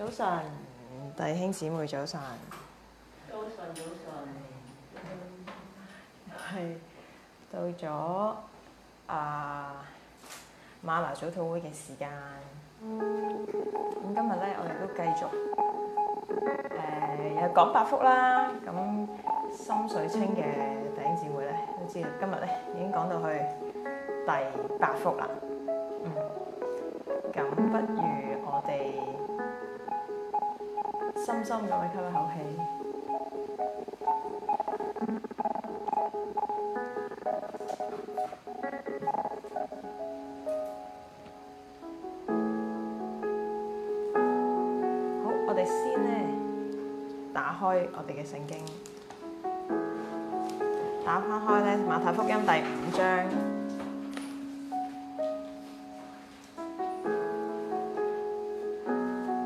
早晨，弟兄姊妹早，早晨。早晨，早晨。係 到咗啊，嗎哪早禱會嘅時間。咁、嗯嗯、今日咧，我哋都繼續誒、呃、又講八福啦。咁心水清嘅弟兄姊妹咧，都知今日咧已經講到去第八福啦。咁、嗯、不如我哋。深深咁去吸一口氣。好，我哋先呢，打開我哋嘅聖經，打開開呢馬太福音第五章，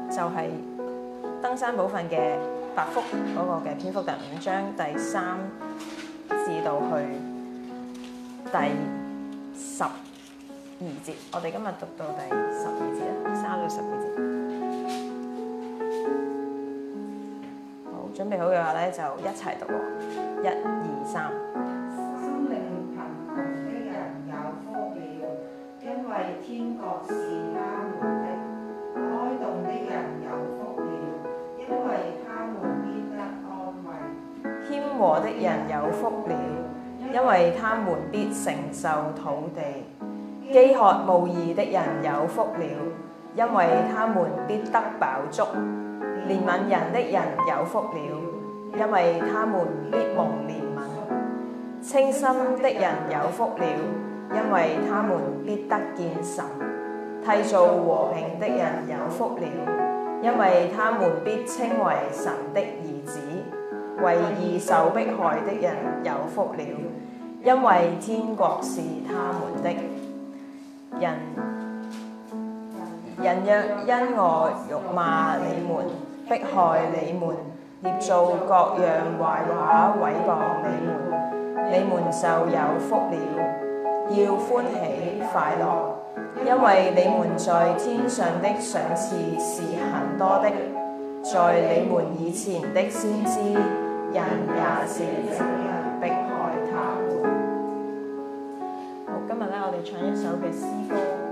就係。中山部分嘅八福嗰個嘅篇幅，第五章第三至到去第十二節，我哋今日讀到第十二節啦，三到十二節。好，準備好嘅話咧，就一齊讀咯，一二三。心靈貧窮嘅人有科技，因為天國。的人有福了，因為他們必承受土地；飢渴慕義的人有福了，因為他們必得飽足；憐憫人的人有福了，因為他們必蒙憐憫；清心的人有福了，因為他們必得見神；締造和平的人有福了，因為他們必稱為神的兒子。為義受迫害的人有福了，因為天國是他們的。人人若因我辱罵你們、迫害你們、捏造各樣壞話毀謗你們，你們就有福了。要歡喜快樂，因為你們在天上的賞賜是很多的。在你們以前的先知。人也是逼害他們。好，今日咧，我哋唱一首嘅詩歌。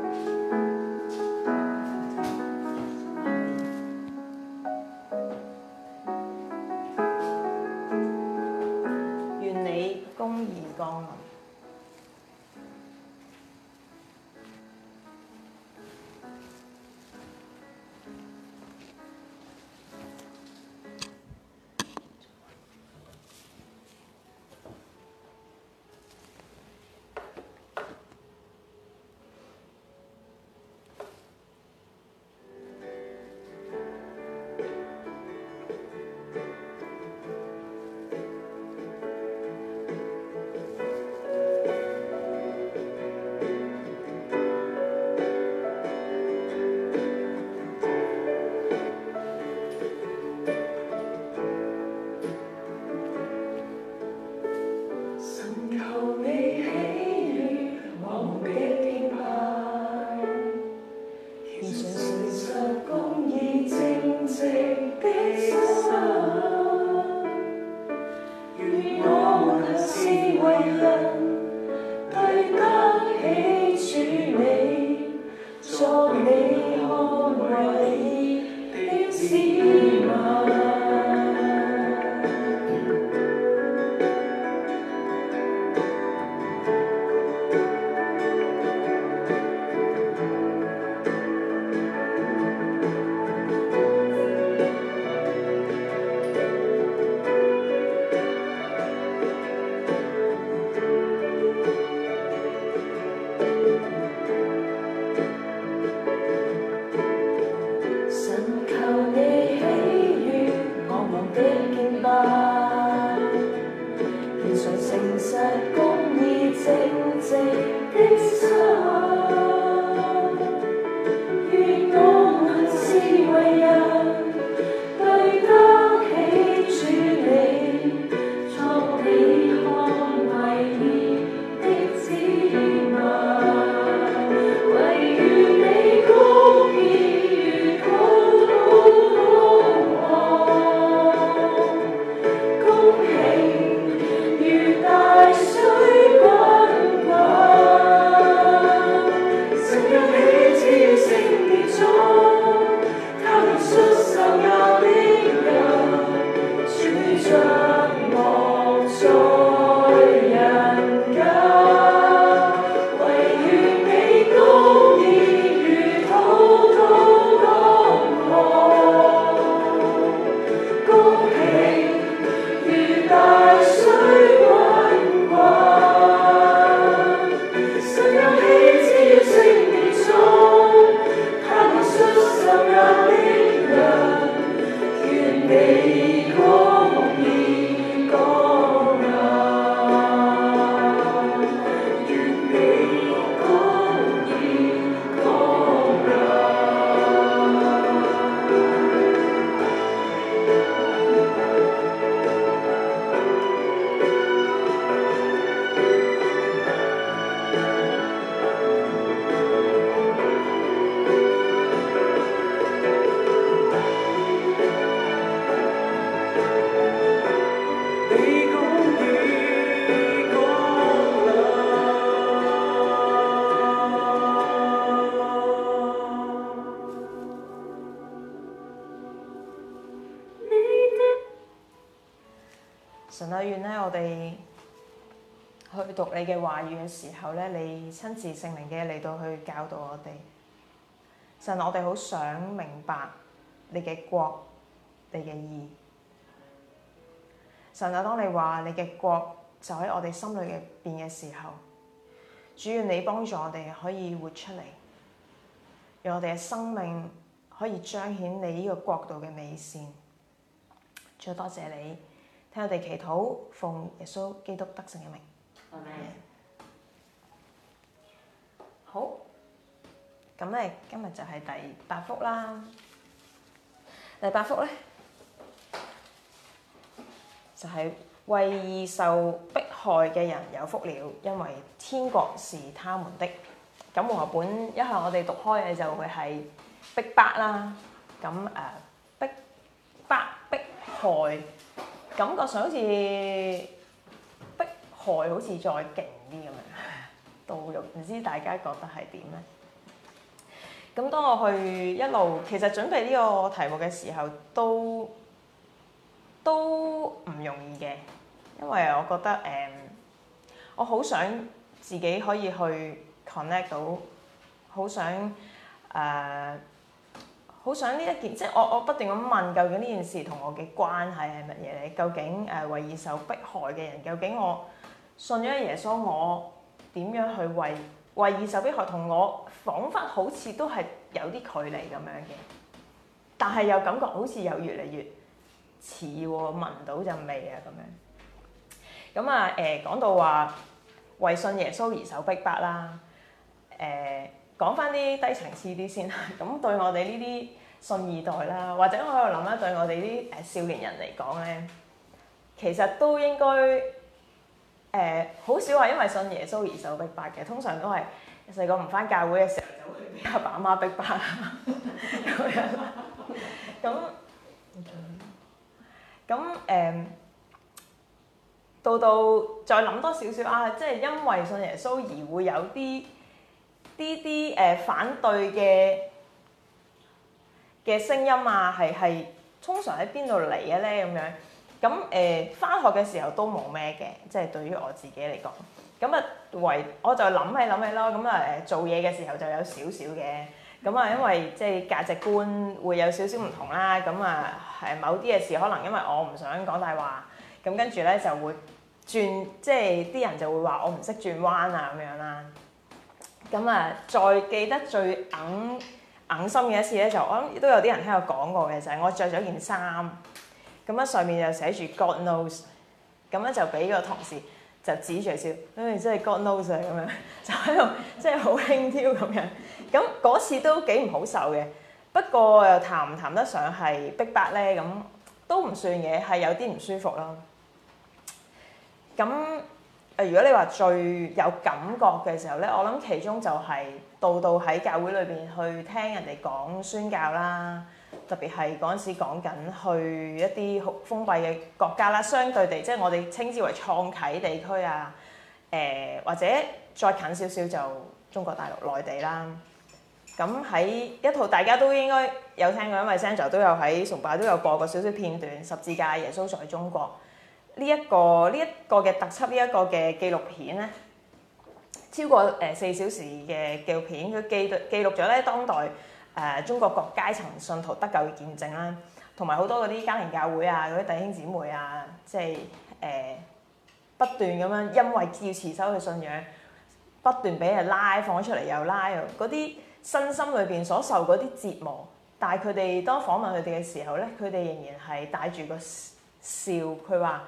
讀你嘅話語嘅時候咧，你親自聖靈嘅嚟到去教導我哋。神，我哋好想明白你嘅國，你嘅義。神就當你話你嘅國就喺我哋心裏入邊嘅時候，主願你幫助我哋可以活出嚟，讓我哋嘅生命可以彰顯你呢個國度嘅美善。主要多謝你，聽我哋祈禱，奉耶穌基督得勝嘅名。好，咁咧，今日就係第八福啦。第八福咧，就係為義受迫害嘅人有福了，因為天國是他們的。咁我本一向我哋讀開嘅就會係逼迫啦。咁誒，逼迫迫害，感覺上好似～害好似再勁啲咁樣，都唔知大家覺得係點咧？咁當我去一路，其實準備呢個題目嘅時候，都都唔容易嘅，因為我覺得誒、嗯，我好想自己可以去 connect 到，好想誒，好、呃、想呢一件，即、就、係、是、我我不斷咁問究竟呢件事同我嘅關係係乜嘢嚟？究竟誒為義受迫害嘅人，究竟我？信咗耶穌，我點樣去為為受迫害同我仿佛好似都係有啲距離咁樣嘅，但係又感覺好似又越嚟越似喎，聞到陣味啊咁樣。咁啊誒講到話為信耶穌而受逼迫啦，誒、呃、講翻啲低層次啲先啦。咁 對我哋呢啲信二代啦，或者我喺度諗咧，對我哋啲誒少年人嚟講咧，其實都應該。誒好少話，因為信耶穌而受逼迫嘅，通常都係細個唔翻教會嘅時候就會俾阿爸阿媽逼迫。咁咁誒，到到再諗多少少啊，即係因為信耶穌而會有啲啲啲誒反對嘅嘅聲音啊，係係通常喺邊度嚟嘅咧咁樣？咁誒，翻學嘅時候都冇咩嘅，即係對於我自己嚟講，咁啊唯我就諗起諗起咯，咁啊誒做嘢嘅時候就有少少嘅，咁啊因為即係價值觀會有少少唔同啦，咁啊誒某啲嘅事可能因為我唔想講大話，咁跟住咧就會轉，即係啲人就會話我唔識轉彎啊咁樣啦。咁啊，再記得最揞揞心嘅一次咧，就我諗都有啲人喺度講過嘅，就係我著咗件衫。咁咧上面就寫住 God knows，咁咧就俾個同事就指住笑，誒真係 God knows 咁樣，就喺度即係好輕佻咁樣。咁嗰次都幾唔好受嘅，不過又談唔談得上係逼迫咧，咁都唔算嘅，係有啲唔舒服啦。咁誒，如果你話最有感覺嘅時候咧，我諗其中就係到到喺教會裏邊去聽人哋講宣教啦。特別係嗰陣時講緊去一啲好封閉嘅國家啦，相對地即係、就是、我哋稱之為創啟地區啊，誒、呃、或者再近少少就中國大陸內地啦。咁喺一套大家都應該有聽過，因為 Sandra 都有喺崇拜都有播過少少片段，《十字架耶穌在中國》呢一、這個呢一、這個嘅特輯，呢、這、一個嘅紀錄片咧，超過誒四小時嘅紀錄片，佢記記錄咗咧當代。誒、呃、中國各階層信徒得救嘅見證啦，同埋好多嗰啲家庭教會啊，嗰啲弟兄姊妹啊，即係誒、呃、不斷咁樣因為要持守嘅信仰，不斷俾人拉，放咗出嚟又拉啊！嗰啲身心裏邊所受嗰啲折磨，但係佢哋當訪問佢哋嘅時候咧，佢哋仍然係帶住個笑，佢話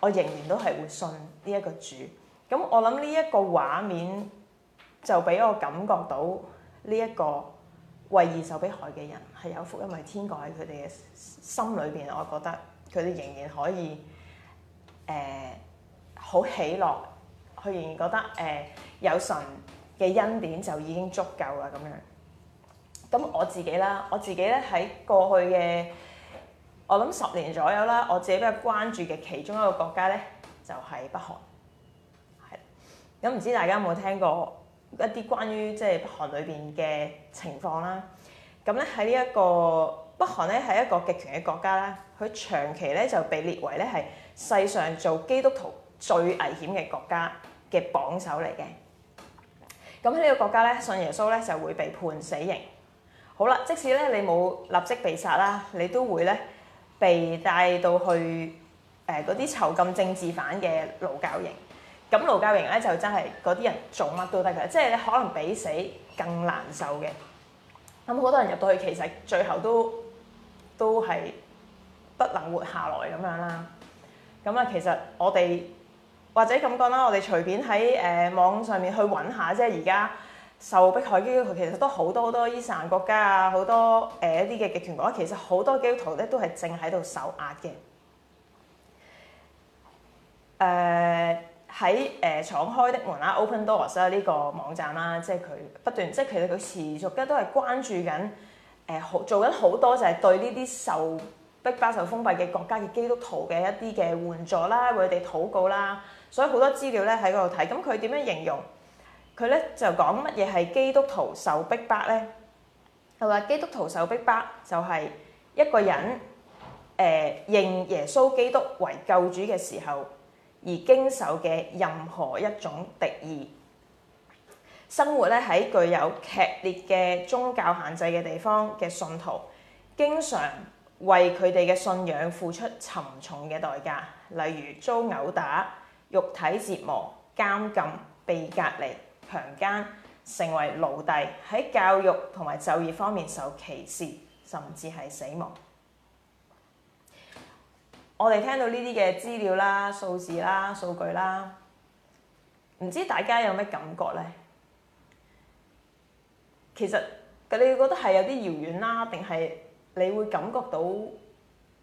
我仍然都係會信呢一個主。咁我諗呢一個畫面就俾我感覺到呢、這、一個。為義受迫害嘅人係有福，因為天國喺佢哋嘅心裏邊。我覺得佢哋仍然可以誒、呃、好喜樂，佢仍然覺得誒、呃、有神嘅恩典就已經足夠啦咁樣。咁我自己啦，我自己咧喺過去嘅我諗十年左右啦，我自己比較關注嘅其中一個國家咧就係、是、北韓。係，咁唔知大家有冇聽過一啲關於即係北韓裏邊嘅？情況啦，咁咧喺呢一個北韓咧係一個極權嘅國家啦，佢長期咧就被列為咧係世上做基督徒最危險嘅國家嘅榜首嚟嘅。咁喺呢個國家咧，信耶穌咧就會被判死刑。好啦，即使咧你冇立即被殺啦，你都會咧被帶到去誒嗰啲囚禁政治犯嘅勞教營。咁勞教營咧就真係嗰啲人做乜都得㗎，即係你可能比死更難受嘅。咁好多人入到去，其實最後都都係不能活下來咁樣啦。咁啊，其實我哋或者咁講啦，我哋隨便喺誒、呃、網上面去揾下，即係而家受迫害基督徒，其實都好多好多伊斯蘭國家啊，好多誒一啲嘅極權國，其實好多基督徒咧都係正喺度受壓嘅。誒、呃。喺誒敞開的門啦，Open Doors 啦，呢個網站啦，即係佢不斷，即係其實佢持續咧都係關注緊誒，好做緊好多就係對呢啲受逼迫、受封閉嘅國家嘅基督徒嘅一啲嘅援助啦，為佢哋禱告啦，所以好多資料咧喺嗰度睇。咁佢點樣形容？佢咧就講乜嘢係基督徒受逼迫咧？就話基督徒受逼迫就係一個人誒認耶穌基督為救主嘅時候，而經受嘅任何一種敵意，生活咧喺具有劇烈嘅宗教限制嘅地方嘅信徒，經常為佢哋嘅信仰付出沉重嘅代價，例如遭毆打、肉體折磨、監禁、被隔離、強姦、成為奴隸、喺教育同埋就業方面受歧視，甚至係死亡。我哋聽到呢啲嘅資料啦、數字啦、數據啦，唔知大家有咩感覺呢？其實你覺得係有啲遙遠啦，定係你會感覺到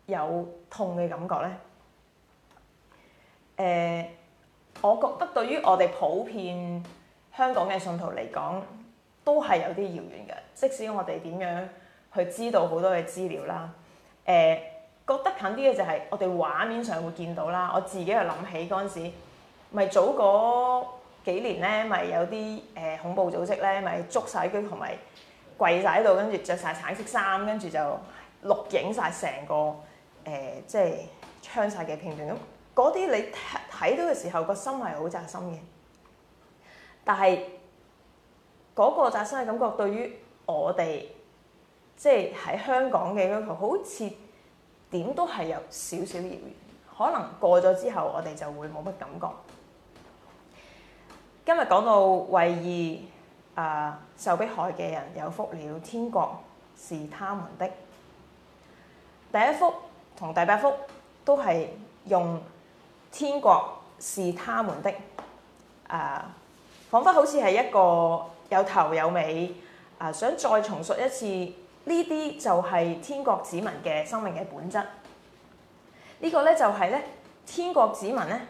有痛嘅感覺呢？誒、呃，我覺得對於我哋普遍香港嘅信徒嚟講，都係有啲遙遠嘅，即使我哋點樣去知道好多嘅資料啦，誒、呃。覺得近啲嘅就係我哋畫面上會見到啦，我自己又諗起嗰陣時，咪早嗰幾年咧，咪有啲誒、呃、恐怖組織咧，咪捉晒佢同埋跪晒喺度，跟住着晒橙色衫，跟住就錄影晒成個誒即係槍晒嘅片段。咁嗰啲你睇到嘅時候，個心係好扎心嘅。但係嗰、那個扎心嘅感覺，對於我哋即係喺香港嘅好似～點都係有少少疑問，可能過咗之後，我哋就會冇乜感覺。今日講到為義啊，受迫害嘅人有福了，天國是他們的。第一福同第八福都係用天國是他們的，啊、呃，彷彿好似係一個有頭有尾啊、呃，想再重述一次。呢啲就係天國子民嘅生命嘅本質。這個、呢個咧就係、是、咧天國子民咧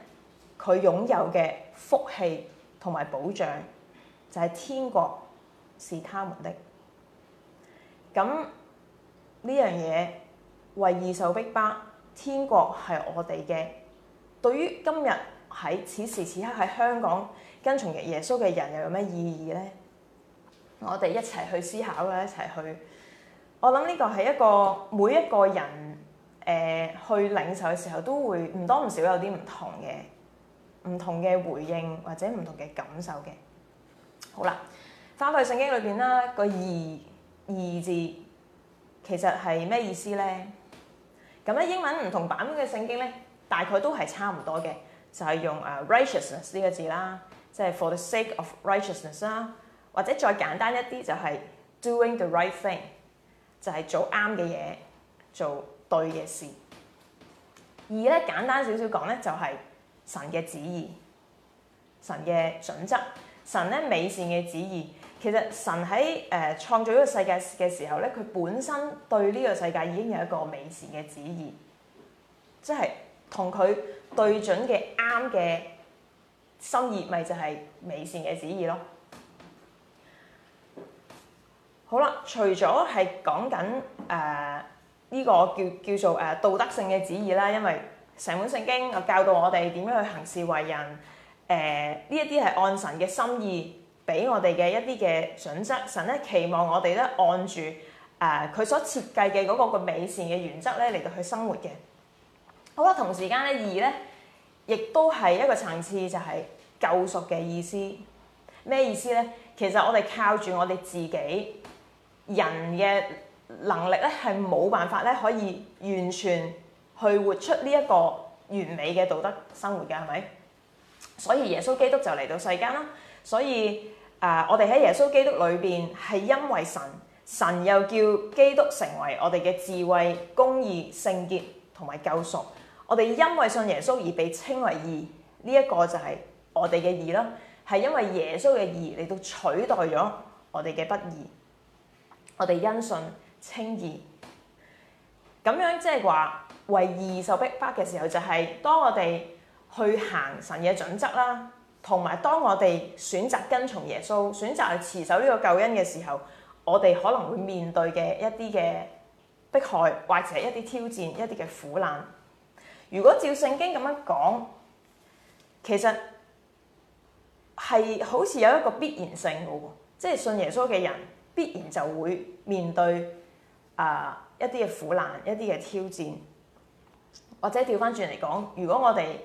佢擁有嘅福氣同埋保障，就係、是、天國是他們的。咁呢樣嘢，為義受逼迫，天國係我哋嘅。對於今日喺此時此刻喺香港跟從嘅耶穌嘅人，又有咩意義呢？我哋一齊去思考啦，一齊去。我諗呢個係一個每一個人誒、呃、去領受嘅時候都會唔多唔少有啲唔同嘅唔同嘅回應或者唔同嘅感受嘅。好啦，返去聖經裏邊啦，個義義字其實係咩意思呢？咁咧英文唔同版本嘅聖經呢，大概都係差唔多嘅，就係、是、用誒 righteousness 呢個字啦，即係 for the sake of righteousness 啦，或者再簡單一啲就係 doing the right thing。就係做啱嘅嘢，做對嘅事。二咧簡單少少講咧，就係神嘅旨意，神嘅準則，神咧美善嘅旨意。其實神喺誒創造呢個世界嘅時候咧，佢本身對呢個世界已經有一個美善嘅旨意，即係同佢對準嘅啱嘅心意，咪就係美善嘅旨意咯。好啦，除咗係講緊誒呢個叫叫做誒，呃、道德性嘅旨意啦，因為成本聖經又教導我哋點樣去行事為人，誒呢一啲係按神嘅心意俾我哋嘅一啲嘅準則，神咧期望我哋咧按住誒佢，呃、所設計嘅嗰個個美善嘅原則咧嚟到去生活嘅。好啦，同時間咧二咧亦都係一個層次，就係救贖嘅意思，咩意思咧？其實我哋靠住我哋自己。人嘅能力咧，係冇辦法咧，可以完全去活出呢一個完美嘅道德生活嘅，係咪？所以耶穌基督就嚟到世間啦。所以啊、呃，我哋喺耶穌基督裏邊，係因為神，神又叫基督成為我哋嘅智慧、公義、聖潔同埋救贖。我哋因為信耶穌而被稱為義，呢、這、一個就係我哋嘅義啦。係因為耶穌嘅義嚟到取代咗我哋嘅不義。我哋因信稱義，咁樣即係話為義受逼迫嘅時候，就係當我哋去行神嘅準則啦，同埋當我哋選擇跟從耶穌，選擇去持守呢個救恩嘅時候，我哋可能會面對嘅一啲嘅迫害，或者係一啲挑戰，一啲嘅苦難。如果照聖經咁樣講，其實係好似有一個必然性嘅，即係信耶穌嘅人。必然就會面對啊、呃、一啲嘅苦難，一啲嘅挑戰，或者掉返轉嚟講，如果我哋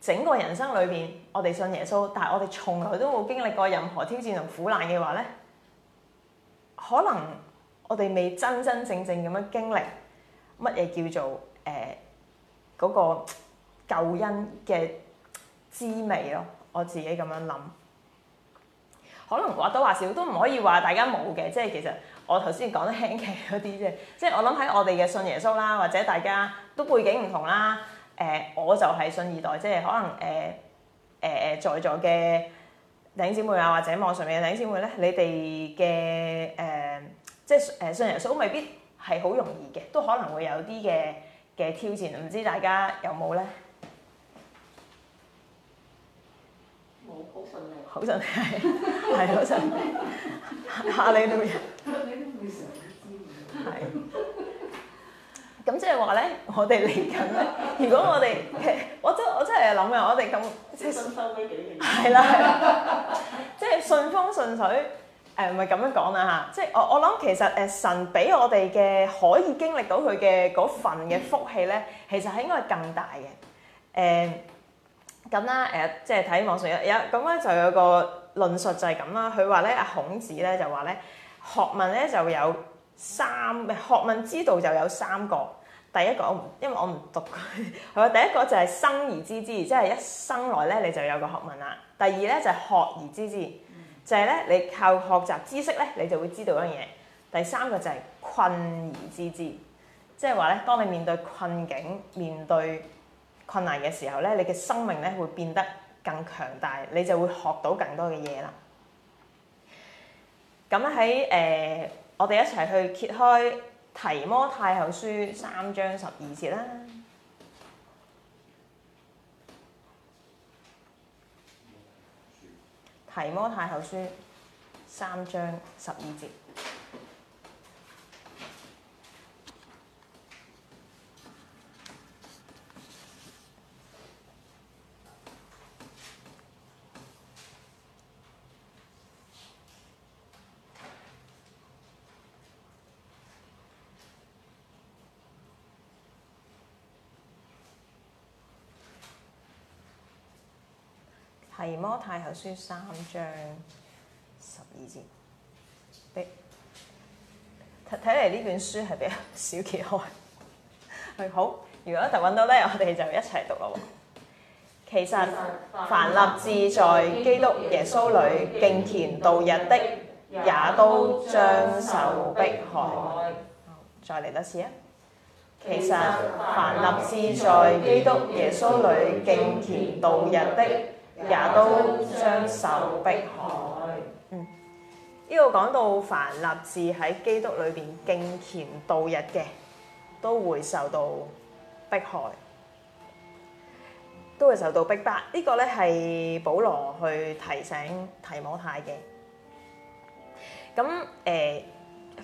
整個人生裏邊，我哋信耶穌，但係我哋從來都冇經歷過任何挑戰同苦難嘅話咧，可能我哋未真真正正咁樣經歷乜嘢叫做誒嗰、呃那個救恩嘅滋味咯。我自己咁樣諗。可能或多或少都唔可以話大家冇嘅，即係其實我頭先講得輕嘅嗰啲啫。即係我諗喺我哋嘅信耶穌啦，或者大家都背景唔同啦。誒、呃，我就係信二代，即係可能誒誒誒，在座嘅弟兄姊妹啊，或者網上面嘅弟兄姊妹咧，你哋嘅誒，即係誒信耶穌未必係好容易嘅，都可能會有啲嘅嘅挑戰，唔知大家有冇咧？好順利，好順利，係係好順利，嚇你都唔嚇你都唔會成日知嘅，係咁即係話咧，我哋嚟緊咧，如果我哋，我真我真係諗嘅，我哋咁即係收尾幾年，係啦，即係順風順水，誒唔係咁樣講啦嚇，即係我我諗其實誒神俾我哋嘅可以經歷到佢嘅嗰份嘅福氣咧，其實係應該係更大嘅，誒。咁啦，誒，即係睇網上有有咁咧，就有個論述就係咁啦。佢話咧，孔子咧就話咧，學問咧就有三，學問之道就有三個。第一個我唔，因為我唔讀佢。佢話，第一個就係生而知之，即係一生來咧你就有一個學問啦。第二咧就係學而知之，就係咧你靠學習知識咧你就會知道一樣嘢。第三個就係困而知之，即係話咧，當你面對困境，面對。困難嘅時候咧，你嘅生命咧會變得更強大，你就會學到更多嘅嘢啦。咁喺誒，我哋一齊去揭開《提摩太後書》三章十二節啦，《提摩太後書》三章十二節。《提摩太後書》三章十二節，睇睇嚟呢本書係比較少揭開。好，如果就揾到咧，我哋就一齊讀咯。其實，凡立志在基督耶穌裏敬虔度日的，也都將受迫害。再嚟多次啊！其實，凡立志在基督耶穌裏敬虔度日的。也都將受迫害。嗯，呢、這個講到凡立志喺基督裏邊敬虔度日嘅，都會受到迫害，都會受到逼迫。這個、呢個咧係保羅去提醒提摩太嘅。咁誒、呃，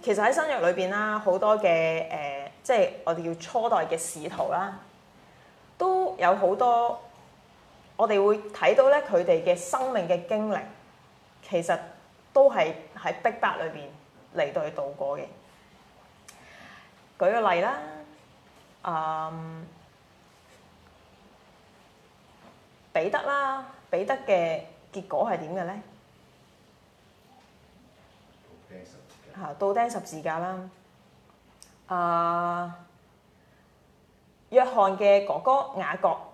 其實喺新約裏邊啦，好多嘅誒、呃，即係我哋叫初代嘅使徒啦，都有好多。我哋會睇到咧佢哋嘅生命嘅經歷，其實都係喺逼迫裏邊嚟到去度過嘅。舉個例啦，嗯，彼得啦，彼得嘅結果係點嘅咧？嚇，倒釘十字架啦！啊，嗯，約翰嘅哥哥雅各。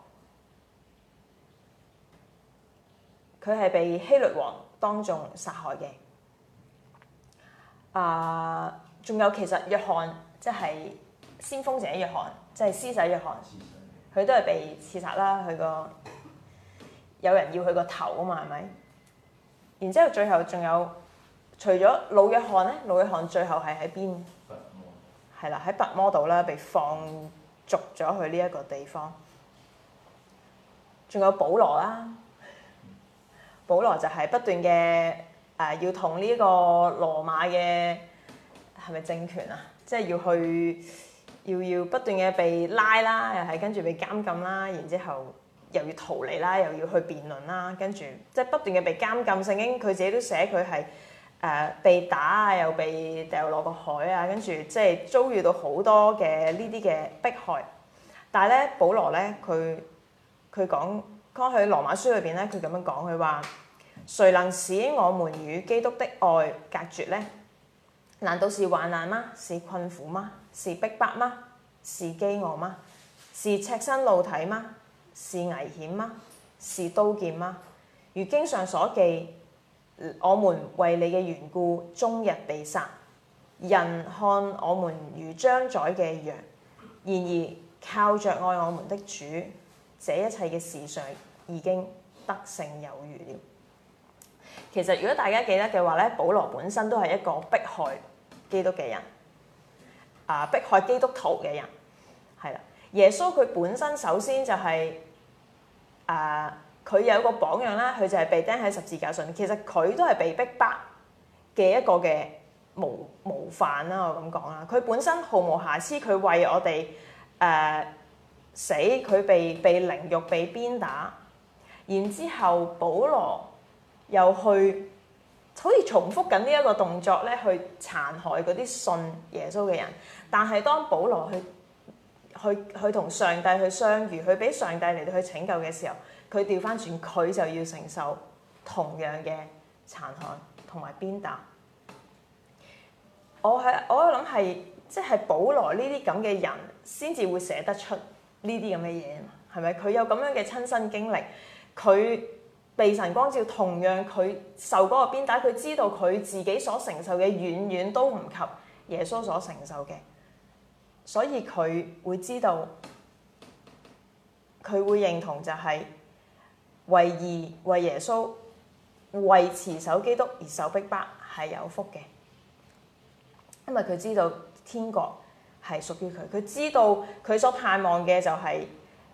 佢係被希律王當眾殺害嘅。啊、呃，仲有其實約翰，即係先鋒者約翰，即係施洗約翰，佢都係被刺殺啦。佢、個有人要佢個頭啊嘛，係咪？然之後最後仲有，除咗老約翰咧，老約翰最後係喺邊？係啦，喺拔摩度啦，被放逐咗去呢一個地方。仲有保羅啦。保羅就係不斷嘅誒，要同呢個羅馬嘅係咪政權啊，即係要去要要不斷嘅被拉啦，又係跟住被監禁啦，然之後又要逃離啦，又要去辯論啦，跟住即係不斷嘅被監禁。聖經佢自己都寫佢係誒被打啊，又被掉落個海啊，跟住即係遭遇到好多嘅呢啲嘅迫害。但係咧，保羅咧佢佢講，講喺羅馬書裏邊咧，佢咁樣講，佢話。誰能使我們與基督的愛隔絕呢？難道是患難嗎？是困苦嗎？是逼迫嗎？是飢餓嗎？是赤身露體嗎？是危險嗎？是刀劍嗎？如經上所記，我們為你嘅緣故，終日被殺，人看我們如將宰嘅羊。然而靠着愛我們的主，這一切嘅事上已經得勝有餘了。其實，如果大家記得嘅話咧，保羅本身都係一個迫害基督嘅人，啊、呃、迫害基督徒嘅人，係啦。耶穌佢本身首先就係、是、啊，佢、呃、有一個榜樣啦，佢就係被釘喺十字架上。其實佢都係被逼迫嘅一個嘅模模範啦。我咁講啦，佢本身毫無瑕疵，佢為我哋誒、呃、死，佢被被凌辱、被鞭打，然之後保羅。又去好似重複緊呢一個動作咧，去殘害嗰啲信耶穌嘅人。但係當保羅去去去同上帝去相遇，佢俾上帝嚟到去拯救嘅時候，佢掉返轉，佢就要承受同樣嘅殘害同埋鞭打。我係我諗係即係保羅呢啲咁嘅人先至會寫得出呢啲咁嘅嘢啊？係咪佢有咁樣嘅親身經歷？佢，被神光照，同樣佢受嗰個鞭打，佢知道佢自己所承受嘅遠遠都唔及耶穌所承受嘅，所以佢會知道，佢會認同就係、是、為義為耶穌為持守基督而受逼迫係有福嘅，因為佢知道天國係屬於佢，佢知道佢所盼望嘅就係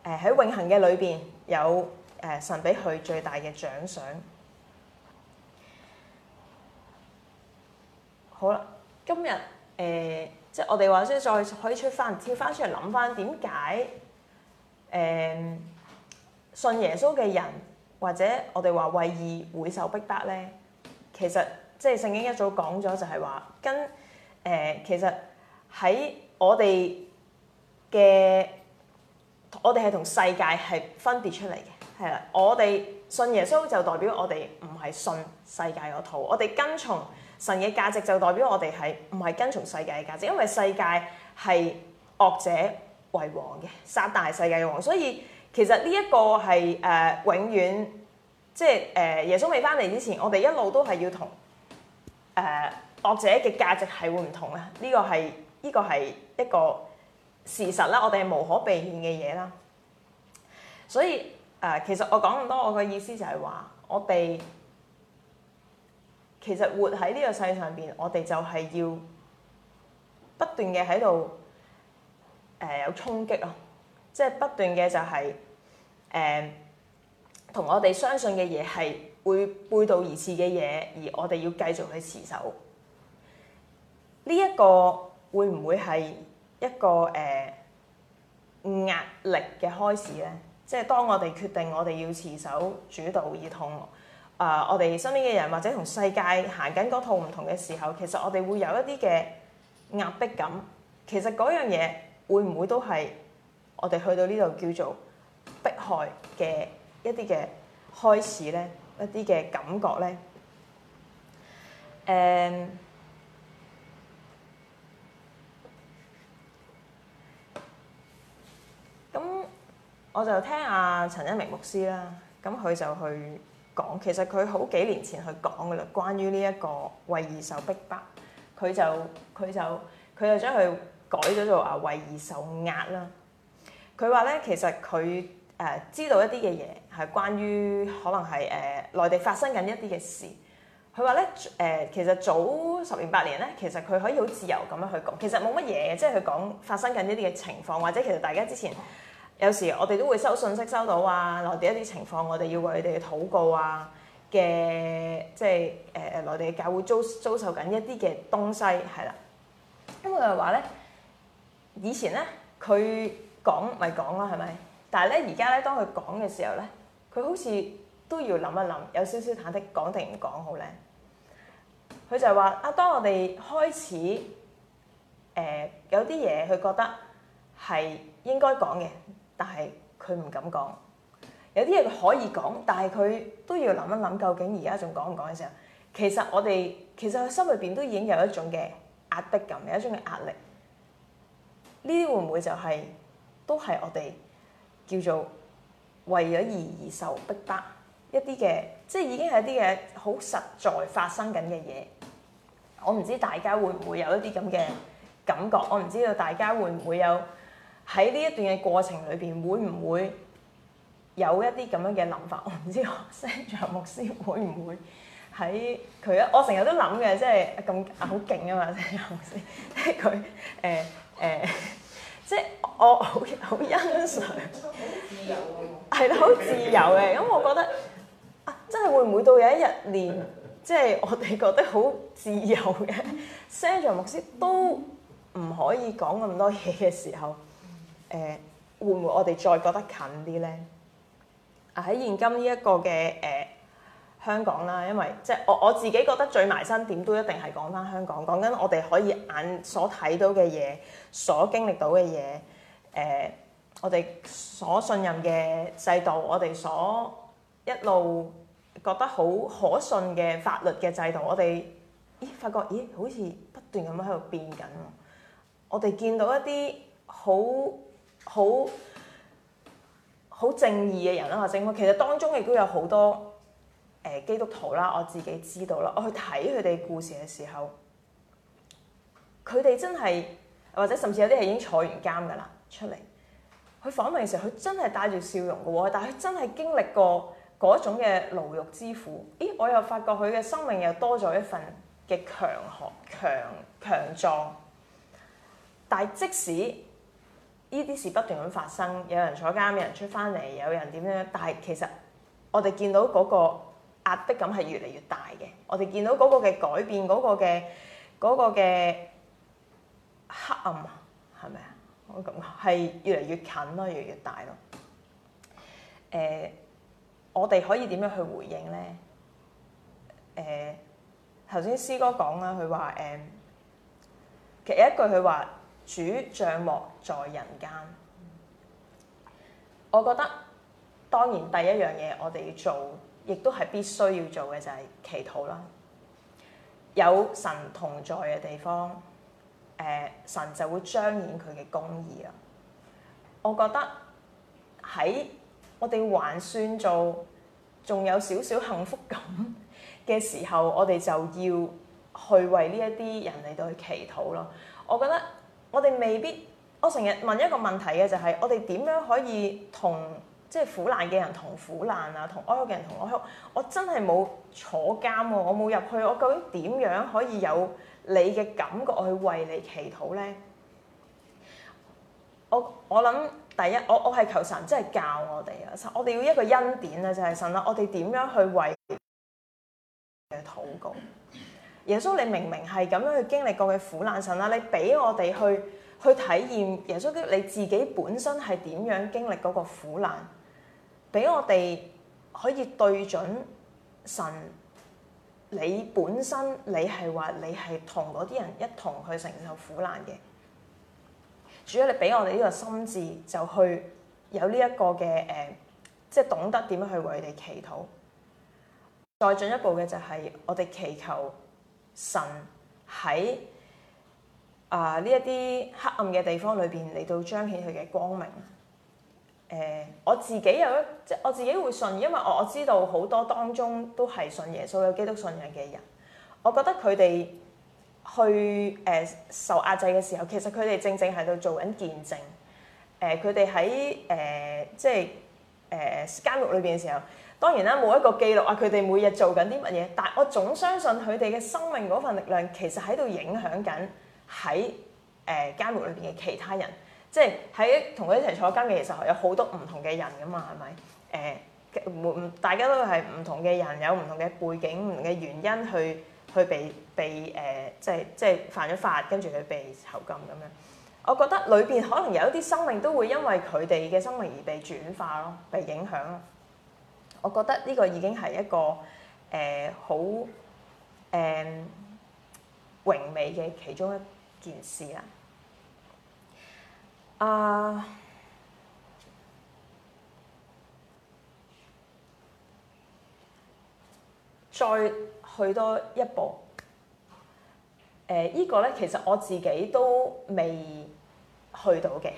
誒喺永恆嘅裏邊有，誒神俾佢最大嘅獎賞。好啦，今日誒、呃、即係我哋話，先，再可以出翻跳翻出嚟諗翻，點解誒信耶穌嘅人或者我哋話為義會受逼迫咧？其實即係聖經一早講咗，就係話跟誒、呃、其實喺我哋嘅，我哋係同世界係分別出嚟嘅。係啦，我哋信耶穌就代表我哋唔係信世界嗰套。我哋跟從神嘅價值就代表我哋係唔係跟從世界嘅價值，因為世界係惡者為王嘅，撒但係世界嘅王，所以其實呢一個係誒、呃、永遠，即係誒耶穌未翻嚟之前，我哋一路都係要、呃、惡同誒惡者嘅價值係會唔同啦，呢、這個係呢、這個係一個事實啦，我哋係無可避免嘅嘢啦，所以。誒，其實我講咁多，我嘅意思就係話，我哋其實活喺呢個世上邊，我哋就係要不斷嘅喺度誒有衝擊咯，即係不斷嘅就係誒同我哋相信嘅嘢係會背道而馳嘅嘢，而我哋要繼續去持守。呢、這個、一個會唔會係一個誒壓力嘅開始咧？即係當我哋決定我哋要持守主導而同，啊、呃、我哋身邊嘅人或者同世界行緊嗰套唔同嘅時候，其實我哋會有一啲嘅壓迫感。其實嗰樣嘢會唔會都係我哋去到呢度叫做迫害嘅一啲嘅開始呢？一啲嘅感覺呢？誒、嗯。我就聽阿陳一明牧師啦，咁佢就去講，其實佢好幾年前去講噶啦，關於呢一個為義受逼迫，佢就佢就佢就將佢改咗做啊為義受壓啦。佢話咧，其實佢誒、呃、知道一啲嘅嘢係關於可能係誒內地發生緊一啲嘅事。佢話咧誒，其實早十年八年咧，其實佢可以好自由咁樣去講，其實冇乜嘢，即係佢講發生緊呢啲嘅情況，或者其實大家之前。有時我哋都會收信息收到啊，內地一啲情況，我哋要為佢哋嘅禱告啊嘅，即係誒誒內地嘅教會遭遭受緊一啲嘅東西係啦。因為佢話咧，以前咧佢講咪講咯，係咪？但係咧，而家咧當佢講嘅時候咧，佢好似都要諗一諗，有少少忐忑，講定唔講好咧？佢就係話，啊，當我哋開始誒、呃、有啲嘢，佢覺得係應該講嘅。但係佢唔敢講，有啲嘢可以講，但係佢都要諗一諗究竟而家仲講唔講嘅時候，其實我哋其實佢心裏邊都已經有一種嘅壓迫感，有一種嘅壓力。呢啲會唔會就係？都係我哋叫做為咗義而受逼迫一啲嘅，即係已經係一啲嘅好實在發生緊嘅嘢。我唔知大家會唔會有一啲咁嘅感覺，我唔知道大家會唔會有。喺呢一段嘅過程裏邊，會唔會有一啲咁樣嘅諗法？我唔知 Central 牧師會唔會喺佢？我成日都諗嘅，即係咁好勁啊嘛 Central 牧師，即係佢誒誒，即係我好好欣賞自由。係啦，好自由嘅。咁我覺得啊，真係會唔會到有一日，連即係我哋覺得好自由嘅 Central 牧師都唔可以講咁多嘢嘅時候？誒會唔會我哋再覺得近啲咧？啊喺現今呢一個嘅誒、呃、香港啦，因為即係我我自己覺得最埋身點都一定係講返香港，講緊我哋可以眼所睇到嘅嘢，所經歷到嘅嘢，誒、呃、我哋所信任嘅制度，我哋所一路覺得好可信嘅法律嘅制度，我哋咦發覺咦好似不斷咁樣喺度變緊，我哋見到一啲好～好好正義嘅人啦，或者正其實當中亦都有好多、呃、基督徒啦，我自己知道啦。我去睇佢哋故事嘅時候，佢哋真係或者甚至有啲係已經坐完監噶啦，出嚟。佢訪問嘅時候，佢真係帶住笑容嘅喎，但係佢真係經歷過嗰種嘅牢獄之苦。咦，我又發覺佢嘅生命又多咗一份嘅強悍、強強壯。但係即使呢啲事不斷咁發生，有人坐監，有人出翻嚟，有人點樣？但係其實我哋見到嗰個壓迫感係越嚟越大嘅。我哋見到嗰個嘅改變，嗰、嗰個嘅嗰個嘅黑暗係咪啊？我感覺係越嚟越近咯，越嚟越大咯。誒，我哋可以點樣去回應咧？誒、呃，頭先師哥講啦，佢話誒，其實有一句佢話。主帳幕在人間，我覺得當然第一樣嘢我哋要做，亦都係必須要做嘅就係祈禱啦。有神同在嘅地方，誒神就會彰顯佢嘅公義啊！我覺得喺我哋還算做仲有少少幸福感嘅時候，我哋就要去為呢一啲人嚟到去祈禱咯。我覺得。我哋未必，我成日問一個問題嘅就係，我哋點樣可以同即係苦難嘅人同苦難啊，同哀哭嘅人同哀哭？我真係冇坐監喎，我冇入去，我究竟點樣可以有你嘅感覺去為你祈禱咧？我我諗第一，我我係求神，真係教我哋啊！我哋要一個恩典啊，就係神啦！我哋點樣去為你嘅禱告？耶穌，你明明係咁樣去經歷過嘅苦難，神啊，你俾我哋去去體驗耶穌你自己本身係點樣經歷嗰個苦難，俾我哋可以對準神，你本身你係話你係同嗰啲人一同去承受苦難嘅。主，要你俾我哋呢個心智就去有呢一個嘅誒、呃，即係懂得點樣去為佢哋祈禱。再進一步嘅就係我哋祈求。神喺啊呢一啲黑暗嘅地方裏邊嚟到彰顯佢嘅光明。誒、呃，我自己有一即係我自己會信，因為我我知道好多當中都係信耶穌、有基督信仰嘅人。我覺得佢哋去誒、呃、受壓制嘅時候，其實佢哋正正喺度做緊見證。誒、呃，佢哋喺誒即係誒、呃、監獄裏邊嘅時候。當然啦，冇一個記錄啊，佢哋每日做緊啲乜嘢？但係我總相信佢哋嘅生命嗰份力量，其實喺度影響緊喺誒監獄裏邊嘅其他人。即係喺同佢一齊坐監嘅，其實有好多唔同嘅人㗎嘛，係咪？誒、呃，每大家都係唔同嘅人，有唔同嘅背景、唔同嘅原因去去被被誒、呃，即係即係犯咗法，跟住佢被囚禁咁樣。我覺得裏邊可能有一啲生命都會因為佢哋嘅生命而被轉化咯，被影響。我覺得呢個已經係一個誒好誒榮美嘅其中一件事啦。啊、呃，再去多一步誒，依、呃這個咧，其實我自己都未去到嘅，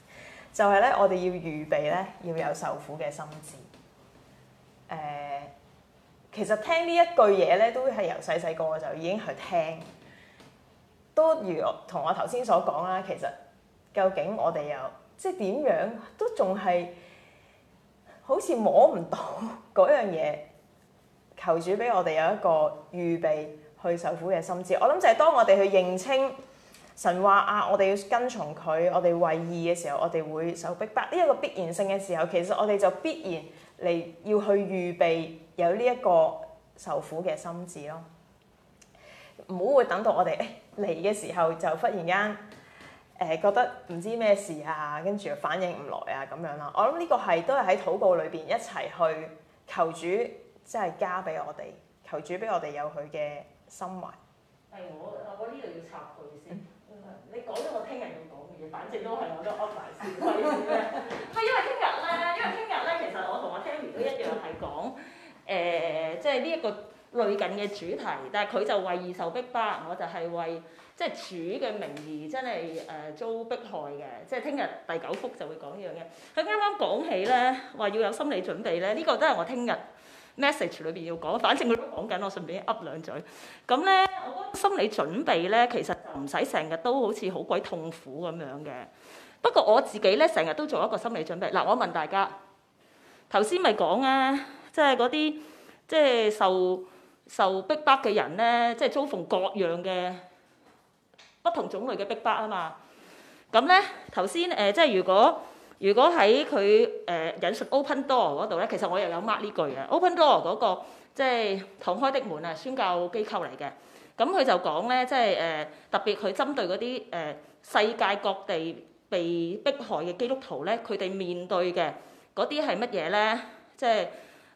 就係咧，我哋要預備咧，要有受苦嘅心志。誒、嗯，其實聽呢一句嘢咧，都係由細細個就已經去聽。都如同我頭先所講啦，其實究竟我哋又即係點樣，都仲係好似摸唔到嗰樣嘢。求主俾我哋有一個預備去受苦嘅心志。我諗就係當我哋去認清神話啊，我哋要跟從佢，我哋為義嘅時候，我哋會受逼迫。呢、這、一個必然性嘅時候，其實我哋就必然。你要去預備有呢一個受苦嘅心志咯，唔好會等到我哋誒嚟嘅時候就忽然間誒、呃、覺得唔知咩事啊，跟住反應唔來啊咁樣啦。我諗呢個係都係喺禱告裏邊一齊去求主，即係加俾我哋，求主俾我哋有佢嘅心懷。係我我呢度要插佢先，嗯、你講咗我聽日要講。反正都係我都 offer 少啲嘅，佢因為聽日咧，因為聽日咧，其實我同阿 Tammy 都一樣係講誒，即係呢一個類近嘅主題。但係佢就為義受逼迫，我就係為即係主嘅名義，真係誒遭迫害嘅。即係聽日第九福就會講呢樣嘢。佢啱啱講起咧，話要有心理準備咧，呢個都係我聽日 message 裏邊要講。反正佢都講緊，我順便噏兩嘴。咁咧，我覺得心理準備咧，其實～唔使成日都好似好鬼痛苦咁樣嘅。不過我自己咧，成日都做一個心理準備。嗱，我問大家，頭先咪講咧，即係嗰啲即係受受逼迫嘅人咧，即係遭逢各樣嘅不同種類嘅逼迫啊嘛。咁咧，頭先誒，即係如果如果喺佢誒引述 Open Door 嗰度咧，其實我又有 mark 呢句嘅。Open Door 嗰個，即係敞開的門啊，宣教機構嚟嘅。咁佢就講咧，即係誒、呃、特別佢針對嗰啲誒世界各地被迫害嘅基督徒咧，佢哋面對嘅嗰啲係乜嘢咧？即係誒、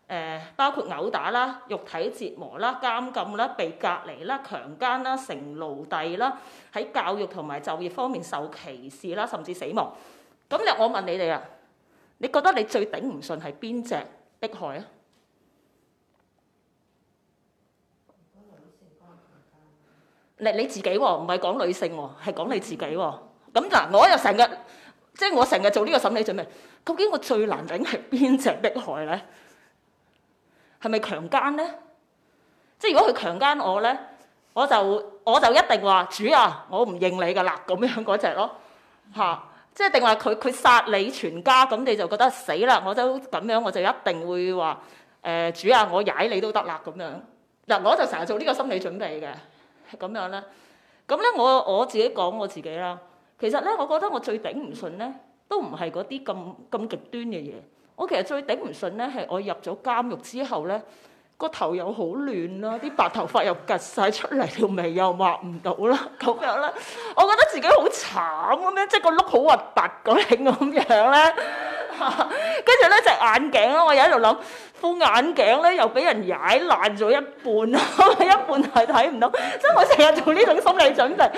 呃、包括毆打啦、肉體折磨啦、監禁啦、被隔離啦、強姦啦、成奴隸啦、喺教育同埋就業方面受歧視啦，甚至死亡。咁咧，我問你哋啊，你覺得你最頂唔順係邊隻迫害啊？你你自己喎，哦，唔係講女性喎，哦，係講你自己喎，哦。咁嗱，我又成日，即、就、係、是、我成日做呢個心理準備。究竟我最難頂係邊隻迫害咧？係咪強奸咧？即係如果佢強奸我咧，我就我就一定話主啊，我唔認你噶啦，咁樣嗰隻咯吓，即係定話佢佢殺你全家，咁你就覺得死啦，我都咁樣，我就一定會話誒、呃、主啊，我踩你都得啦咁樣。嗱，我就成日做呢個心理準備嘅。咁樣啦。咁咧，我我自己講我自己啦。其實咧，我覺得我最頂唔順咧，都唔係嗰啲咁咁極端嘅嘢。我其實最頂唔順咧，係我入咗監獄之後咧，個頭又好亂啦，啲白頭髮又趌晒出嚟，條眉又畫唔到啦，咁樣啦。 我覺得自己好慘咁、啊、樣，即係個碌好核突嗰啲咁樣咧。跟住咧，隻眼鏡咯，我又喺度諗。副眼鏡咧又俾人踩爛咗一半，我 係一半係睇唔到，即 係我成日做呢種心理準備。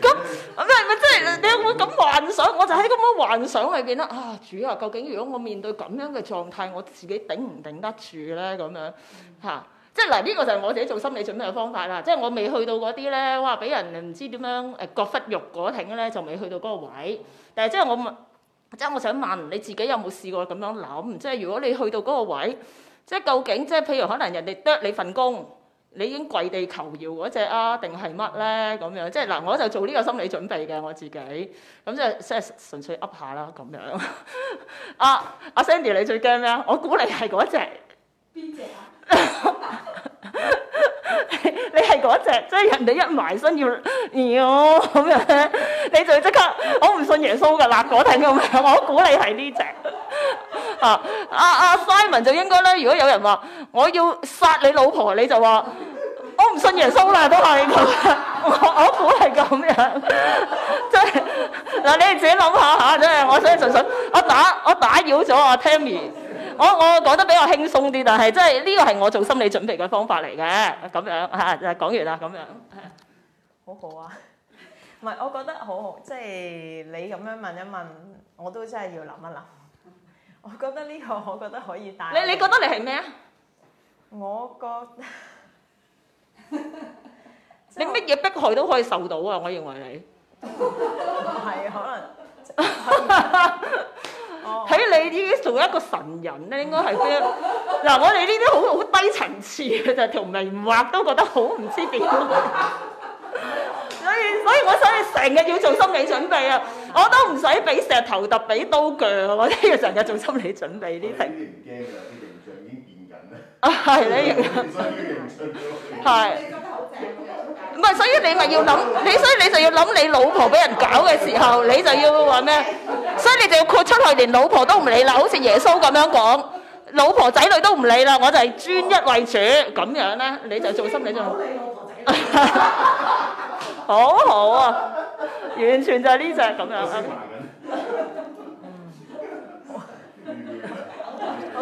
咁咩咩即係你有冇咁幻想？我就喺咁樣幻想裏邊啦。啊主啊，究竟如果我面對咁樣嘅狀態，我自己頂唔頂得住咧？咁樣吓、啊，即係嗱呢個就係我自己做心理準備嘅方法啦。即係我未去到嗰啲咧，哇俾人唔知點樣誒割骨肉嗰停咧，就未去到嗰個位。但係即係我即係我想問你自己有冇試過咁樣諗？即係如果你去到嗰個位，即係究竟即係譬如可能人哋得你份工，你已經跪地求饒嗰隻啊，定係乜咧？咁樣即係嗱，我就做呢個心理準備嘅我自己，咁即係即係純粹噏下啦咁樣。阿 阿、啊啊、Sandy 你最驚咩啊？我估你係嗰隻。邊隻啊？你你係嗰隻，即係人哋一埋身要妖咁樣，你就即刻，我唔信耶穌噶嗱，嗰頂咁樣，我估你係呢隻啊，阿阿 Simon 就應該咧。如果有人話我要殺你老婆，你就話我唔信耶穌啦，都係咁，我我估係咁樣，即係嗱，你哋自己諗下下即係。我想係純粹，我打我打擾咗阿 Tammy。我我講得比較輕鬆啲，但係即係呢個係我做心理準備嘅方法嚟嘅，咁樣嚇講完啦，咁樣好好啊！唔係，我覺得好好，即係你咁樣問一問，我都真係要諗一諗。我覺得呢個，我覺得可以帶你。你你覺得你係咩啊？我覺得 就你乜嘢迫害都可以受到啊！我認為你係 可能。 喺你呢做一個神人咧，應該係咩？嗱，我哋呢啲好好低層次嘅，就同泥畫都覺得好唔知點，所以所以我所以成日要做心理準備啊！我都唔使俾石頭揼、俾刀鋸，我都要成日做心理準備呢啲。咁你唔驚㗎？啲形象已經變緊啦。啊，係咧，形象。係。所以你咪要諗，你所以你就要諗，你，要你老婆俾人搞嘅時候，你就要話咩？所以你就要豁出去，連老婆都唔理啦，好似耶穌咁樣講，老婆仔女都唔理啦，我就係專一為主，咁樣咧、啊、你就做心理治療。 好好啊，完全就係呢隻咁樣啊。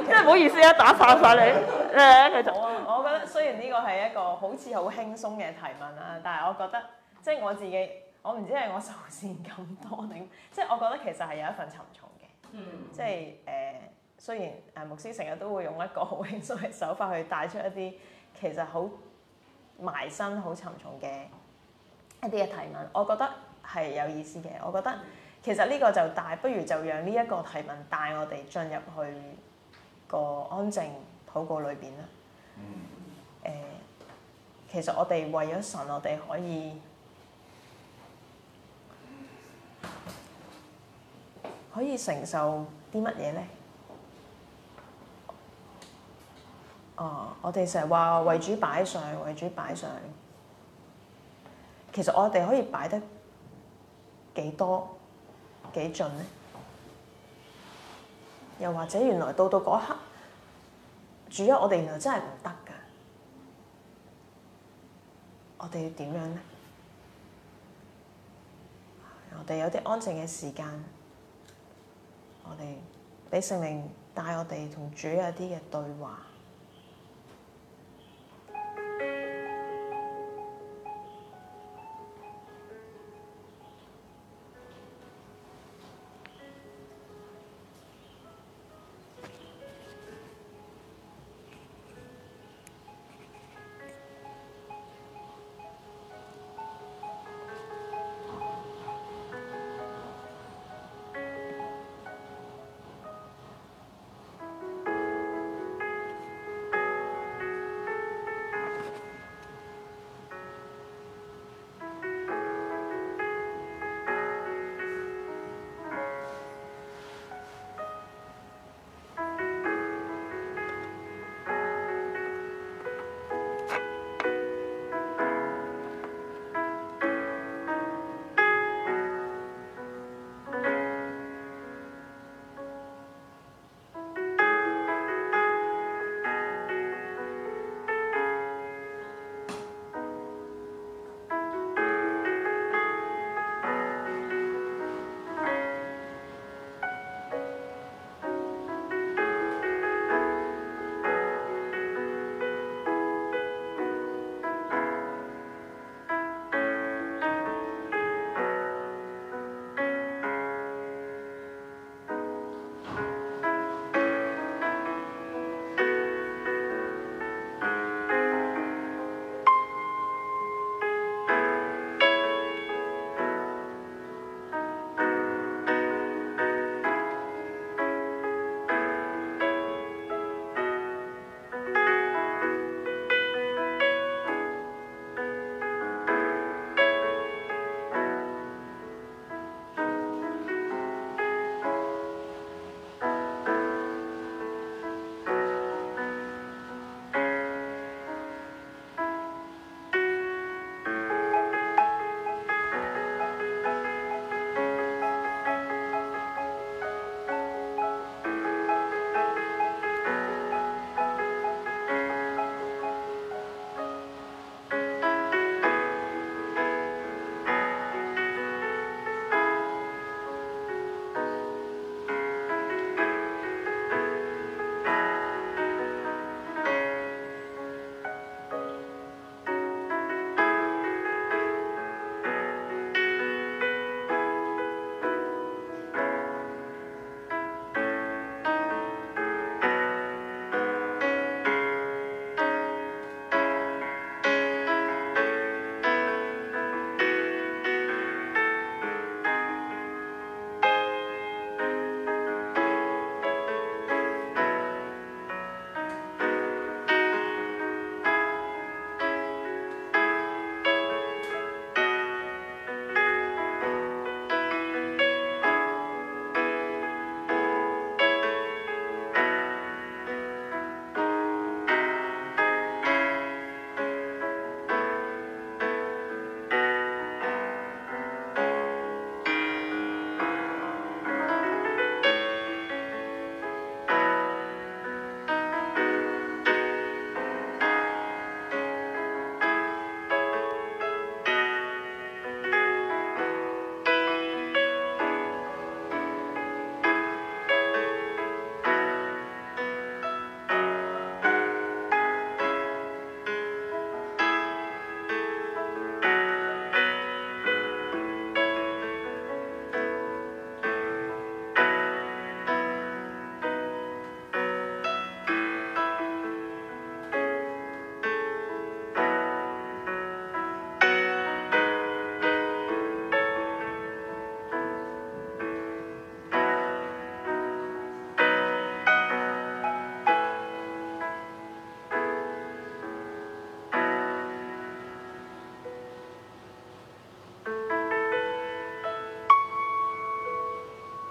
真係唔好意思啊！打攪曬你。誒， 其實我覺得雖然呢個係一個好似好輕鬆嘅提問啊，但係我覺得即係、就是、我自己，我唔知係我受善咁多定即係我覺得其實係有一份沉重嘅。嗯、即係誒、呃，雖然誒牧師成日都會用一個好輕鬆嘅手法去帶出一啲其實好埋身、好沉重嘅一啲嘅提問，我覺得係有意思嘅。我覺得其實呢個就帶不如就讓呢一個提問帶我哋進入去個安靜禱告裏邊啦，誒、呃，其實我哋為咗神，我哋可以可以承受啲乜嘢咧？啊，我哋成日話為主擺上，為主擺上，其實我哋可以擺得幾多幾盡咧？又或者原來到到嗰一刻，主啊，我哋原來真係唔得噶，我哋要點樣咧？我哋有啲安靜嘅時間，我哋俾聖靈帶我哋同主一啲嘅對話。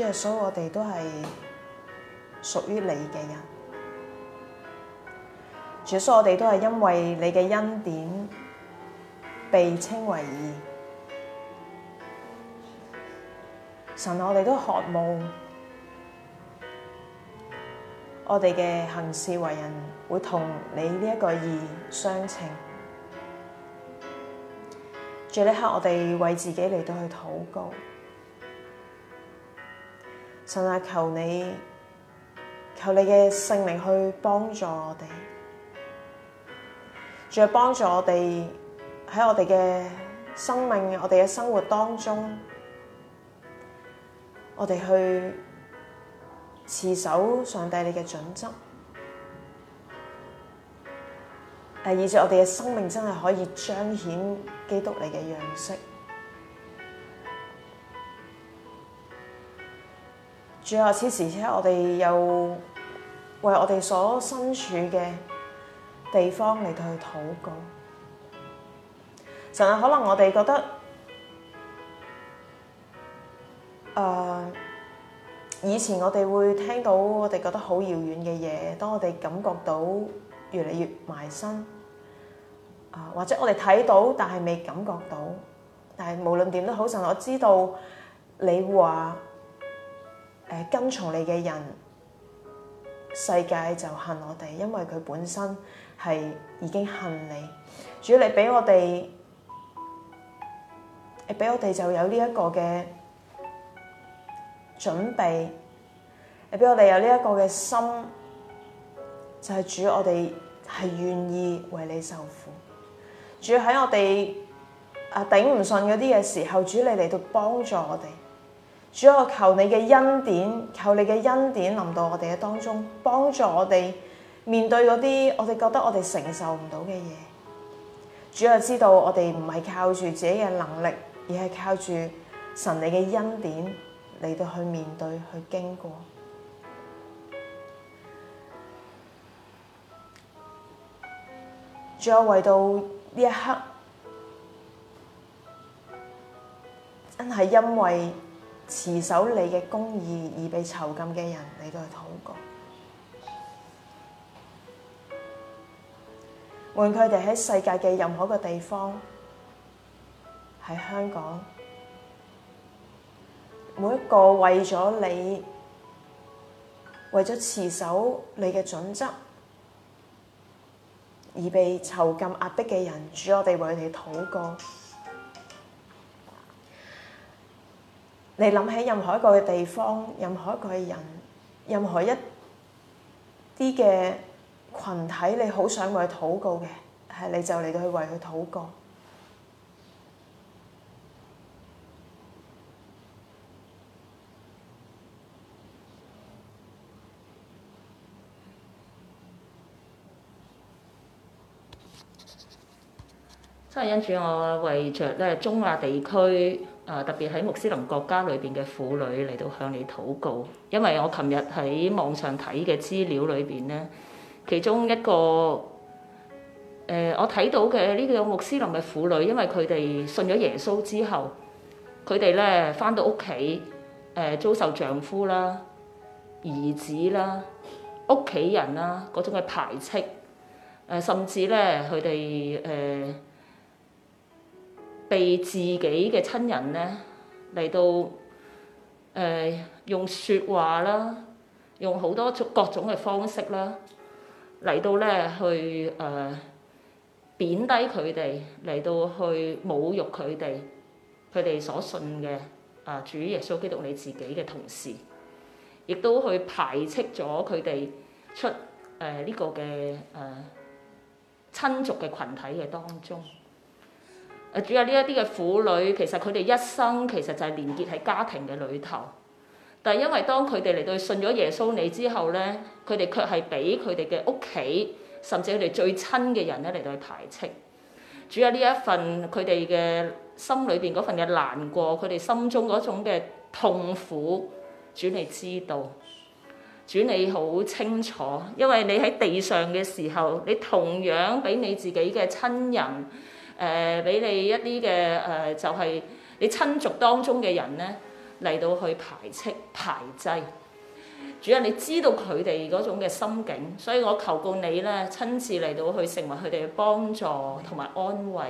耶穌，我哋都係屬於你嘅人；耶穌，我哋都係因為你嘅恩典被稱為義；神，我哋都渴望我哋嘅行事為人會同你呢一個義相稱。在呢刻，我哋為自己嚟到去禱告。神啊，求你，求你嘅聖靈去幫助我哋，仲要幫助我哋喺我哋嘅生命、我哋嘅生活當中，我哋去持守上帝你嘅準則，以至我哋嘅生命真係可以彰顯基督你嘅樣式。最後此時此刻，我哋又為我哋所身處嘅地方嚟到去禱告。神啊，可能我哋覺得，誒、啊，以前我哋會聽到我哋覺得好遙遠嘅嘢，當我哋感覺到越嚟越埋身，啊，或者我哋睇到但係未感覺到，但係無論點都好，神，我知道你話。誒，跟從你嘅人，世界就恨我哋，因為佢本身係已經恨你。主，你俾我哋，你俾我哋就有呢一個嘅準備，你俾我哋有呢一個嘅心，就係主，我哋係願意為你受苦。主喺我哋啊，頂唔順嗰啲嘅時候，主你嚟到幫助我哋。主啊，求你嘅恩典，求你嘅恩典臨到我哋嘅當中，幫助我哋面對嗰啲我哋覺得我哋承受唔到嘅嘢。主啊，知道我哋唔係靠住自己嘅能力，而係靠住神你嘅恩典嚟到去面對去經過。主啊，為到呢一刻，真係因為。持守你嘅公義而被囚禁嘅人，你都去禱告，願佢哋喺世界嘅任何一個地方，喺香港，每一個為咗你、為咗持守你嘅準則而被囚禁壓迫嘅人，主，我哋為佢哋禱告。你諗起任何一個嘅地方，任何一個嘅人，任何一啲嘅羣體，你好想為佢禱告嘅，係你就嚟到去為佢禱告。因住我為着咧中亞地區啊，特別喺穆斯林國家裏邊嘅婦女嚟到向你禱告，因為我琴日喺網上睇嘅資料裏邊咧，其中一個誒、呃，我睇到嘅呢個穆斯林嘅婦女，因為佢哋信咗耶穌之後，佢哋咧翻到屋企誒，遭受丈夫啦、兒子啦、屋企人啦嗰種嘅排斥誒、呃，甚至咧佢哋誒，被自己嘅親人呢嚟到，誒、呃、用說話啦，用好多種各種嘅方式啦，嚟到呢去誒、呃、貶低佢哋，嚟到去侮辱佢哋，佢哋所信嘅啊、呃、主耶穌基督你自己嘅，同時亦都去排斥咗佢哋出誒呢、呃，這個嘅誒、呃、親族嘅群體嘅當中。主有呢一啲嘅婦女，其實佢哋一生其實就係連結喺家庭嘅裏頭，但係因為當佢哋嚟到信咗耶穌你之後咧，佢哋卻係俾佢哋嘅屋企甚至佢哋最親嘅人咧嚟到去排斥。主有呢一份佢哋嘅心裏邊嗰份嘅難過，佢哋心中嗰種嘅痛苦，主你知道，主你好清楚，因為你喺地上嘅時候，你同樣俾你自己嘅親人。誒俾、呃、你一啲嘅誒，就係、是、你親族當中嘅人咧嚟到去排斥排擠，主要你知道佢哋嗰種嘅心境，所以我求告你咧，親自嚟到去成為佢哋嘅幫助同埋安慰。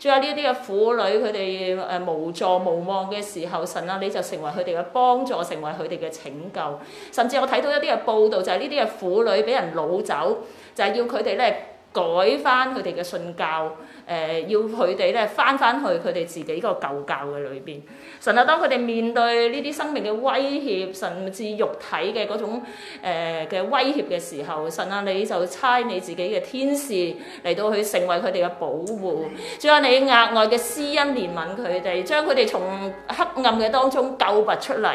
仲有呢一啲嘅婦女，佢哋誒無助無望嘅時候，神啊，你就成為佢哋嘅幫助，成為佢哋嘅拯救。甚至我睇到一啲嘅報導，就係呢啲嘅婦女俾人擄走，就係、是、要佢哋咧改返佢哋嘅信教。誒要佢哋咧翻翻去佢哋自己個舊教嘅裏邊。神啊，當佢哋面對呢啲生命嘅威脅，甚至肉體嘅種誒嘅、呃、威脅嘅時候，神啊，你就差你自己嘅天使嚟到去成為佢哋嘅保護，仲有你額外嘅施恩憐憫佢哋，將佢哋從黑暗嘅當中救拔出嚟。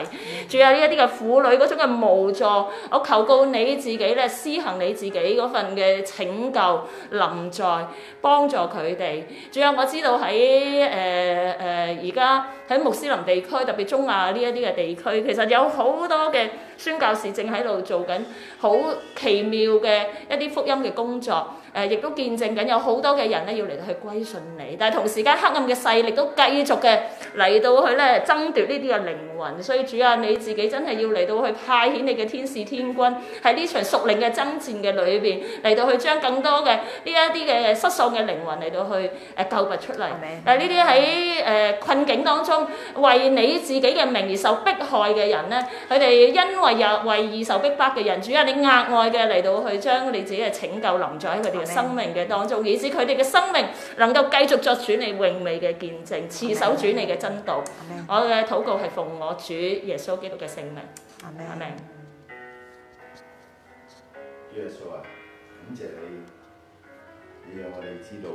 仲有呢一啲嘅婦女種嘅無助，我求告你自己咧，施行你自己份嘅拯救臨在幫助佢哋。仲有我知道喺誒誒而家喺穆斯林地區，特別中亞呢一啲嘅地區，其實有好多嘅宣教士，正喺度做緊好奇妙嘅一啲福音嘅工作。誒亦都見證緊有好多嘅人咧要嚟到去歸信你，但係同時間黑暗嘅勢力都繼續嘅嚟到去咧爭奪呢啲嘅靈魂，所以主啊，你自己真係要嚟到去派遣你嘅天使天軍喺呢場屬靈嘅爭戰嘅裏邊嚟到去將更多嘅呢一啲嘅失喪嘅靈魂嚟到去誒救拔出嚟。誒呢啲喺誒困境當中為你自己嘅名而受迫害嘅人咧，佢哋因為有為義受逼迫嘅人，主啊，你額外嘅嚟到去將你自己嘅拯救臨在喺佢哋嘅生命嘅當中，以致佢哋嘅生命能夠繼續作主，你榮美嘅見證，持守主你嘅真道。我嘅禱告係奉我主耶穌基督嘅聖名。阿們，阿們。耶穌啊，感謝你，你讓我哋知道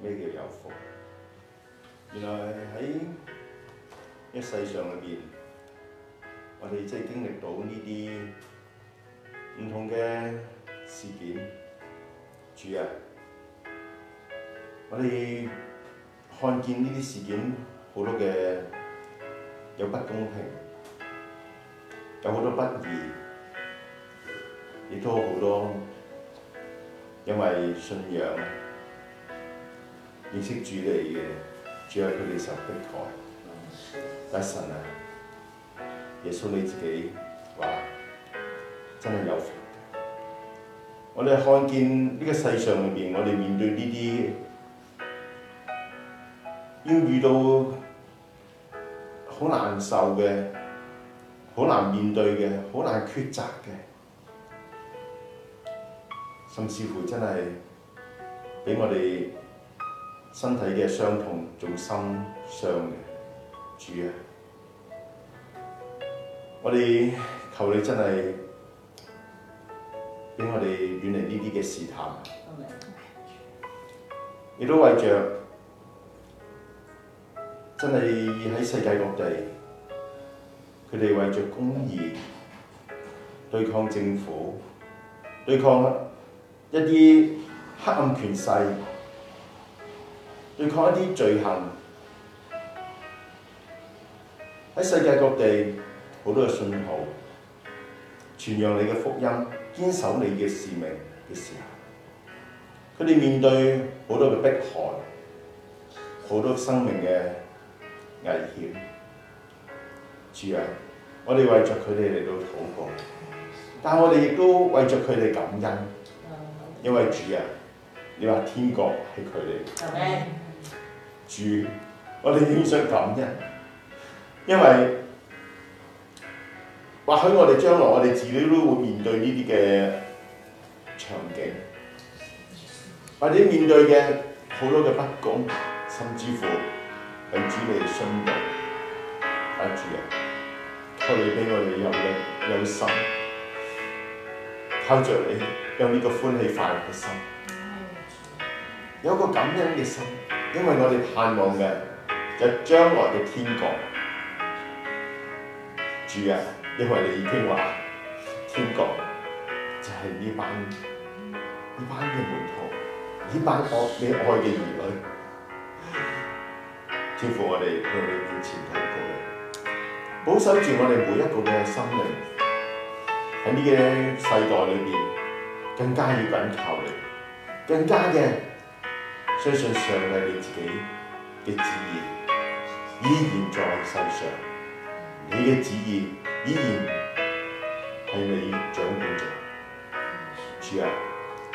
咩叫有福。原來喺一世上裏邊，我哋即係經歷到呢啲唔同嘅事件。主啊！我哋看見呢啲事件，好多嘅有不公平，有好多不義，亦都好多因為信仰認識主嚟嘅，主喺佢哋受逼害，但神啊，耶穌你自己話真係有福。我哋看見呢個世上裏邊，我哋面對呢啲要遇到好難受嘅、好難面對嘅、好難抉擇嘅，甚至乎真係俾我哋身體嘅傷痛仲心傷嘅主啊！我哋求你真係～俾我哋遠離呢啲嘅試探，亦 Amen. 都為着真係喺世界各地，佢哋為着公義對抗政府，對抗一啲黑暗權勢，對抗一啲罪行。喺世界各地好多嘅信徒傳揚你嘅福音。堅守你嘅使命嘅時候，佢哋面對好多嘅迫害，好多生命嘅危險。主啊，我哋為著佢哋嚟到禱告，但係我哋亦都為著佢哋感恩，因為主啊，你話天國係佢哋，Okay. 主，我哋點想感恩？因為或許我哋將來我哋自己都會面對呢啲嘅場景，或者面對嘅好多嘅不公，甚至乎係指你嘅信道。阿主啊，求你畀我哋有日有心，靠着你，有呢個歡喜快樂嘅心，有一個感恩嘅心，因為我哋盼望嘅就係將來嘅天國。主啊！因為你已經話天國就係呢班呢班嘅門徒，呢班惡愛你愛嘅兒女，天父我哋向你面前提告，保守住我哋每一個嘅心靈喺呢個世代裏邊，更加要緊靠你，更加嘅相信上帝你自己嘅旨意依然在世上。你嘅旨意依然係你掌管著，主啊！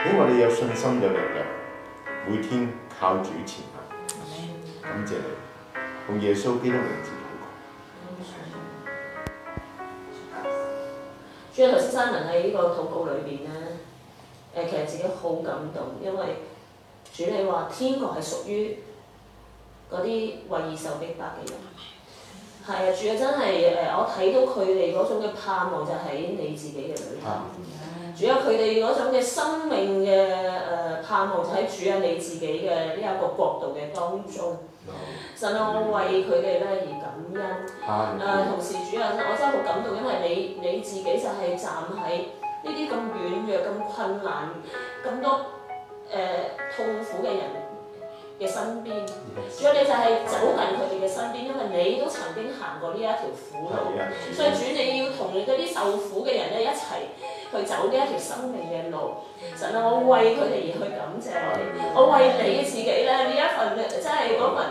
因為你有信心有力量，每天靠主前行。Okay. 感謝你，用耶穌基督名字禱告。Okay. 主啊，頭先山人喺呢個禱告裏邊咧，誒，其實自己好感動，因為主你話天國係屬於嗰啲為義受逼迫嘅人。係啊，主啊，真係誒，我睇到佢哋嗰種嘅盼望就喺你自己嘅裏頭，主啊，佢哋嗰種嘅生命嘅誒盼望就喺主喺你自己嘅呢一個角度嘅當中，嗯、神啊，我為佢哋咧而感恩，誒、嗯啊，同時主啊，我真係好感動，因為你你自己就係站喺呢啲咁軟弱、咁困難、咁多誒、呃、痛苦嘅人。嘅身邊，主要你就係走近佢哋嘅身邊，因為你都曾經行過呢一條苦路，所以主你要同你嗰啲受苦嘅人咧一齊去走呢一條生命嘅路。神啊，我為佢哋而去感謝我哋，我為你自己咧呢一份，即係嗰份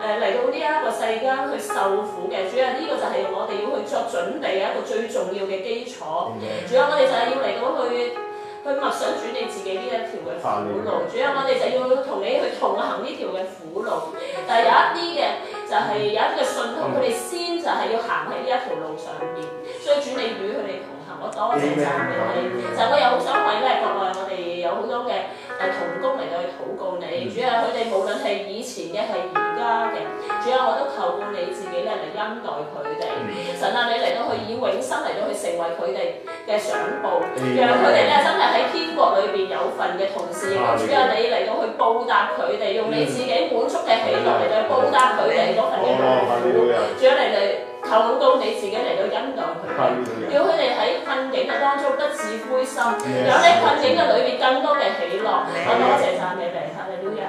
誒嚟、呃、到呢一個世間去受苦嘅主要，呢個就係我哋要去作準備嘅一個最重要嘅基礎。仲有的我哋就係要嚟到去。佢默想轉你自己呢一條嘅苦路，主要我哋就要同你去同行呢條嘅苦路。但係有一啲嘅就係有一啲嘅信徒，佢哋先就係要行喺呢一條路上面，所以轉你與佢哋同行，我多謝曬你。就我又好想為咧國內我哋有好多嘅。誒，同工嚟到去禱告你，嗯、主啊，佢哋無論係以前嘅、係而家嘅，主啊，我都求過你自己咧嚟恩待佢哋，嗯、神啊，你嚟到去以永生嚟到去成為佢哋嘅賞報，嗯、讓佢哋咧真係喺天國裏邊有份嘅同事，嗯、主啊，你嚟到去報答佢哋，用你自己滿足嘅喜樂嚟到報答佢哋，都係你嘅恩典，主啊，你嚟。就靠到你自己嚟到引導佢，要佢哋喺困境嘅當中不自灰心，有喺困境嘅裏面更多嘅喜樂，我哋一齊站起嚟，我哋都要。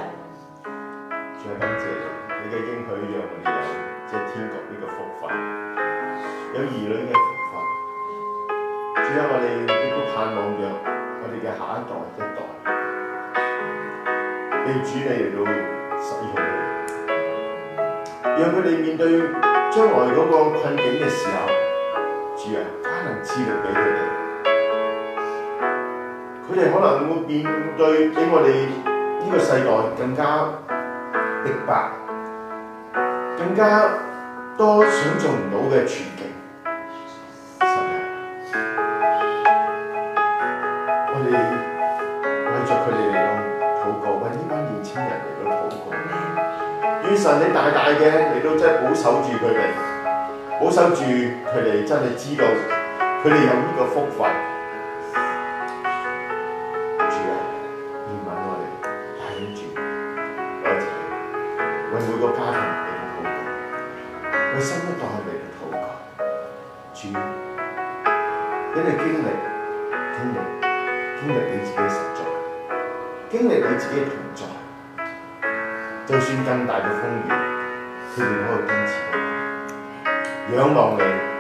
感謝耶你嘅應許，讓我哋有即係天國呢個福分，有兒女嘅福分，而且我哋亦都盼望著我哋嘅下一代一代，你、嗯、主你嚟到使用。讓佢哋面對將來嗰個困境嘅時候，主啊，加能賜福俾佢哋。佢哋可能會面對比我哋呢個世代更加逼迫，更加多想象唔到嘅處境。神，你大大嘅，你都真係保守住佢哋，保守住佢哋真係知道，佢哋有呢個福分。主啊，憐憫我哋，帶領住我哋，為每個家庭嚟到禱告，為新一代嚟嘅禱告。主啊，因你經歷，經歷，經歷你自己嘅存在，經歷你自己嘅同在。就算更大嘅風雨，佢哋都可以堅持。仰望你。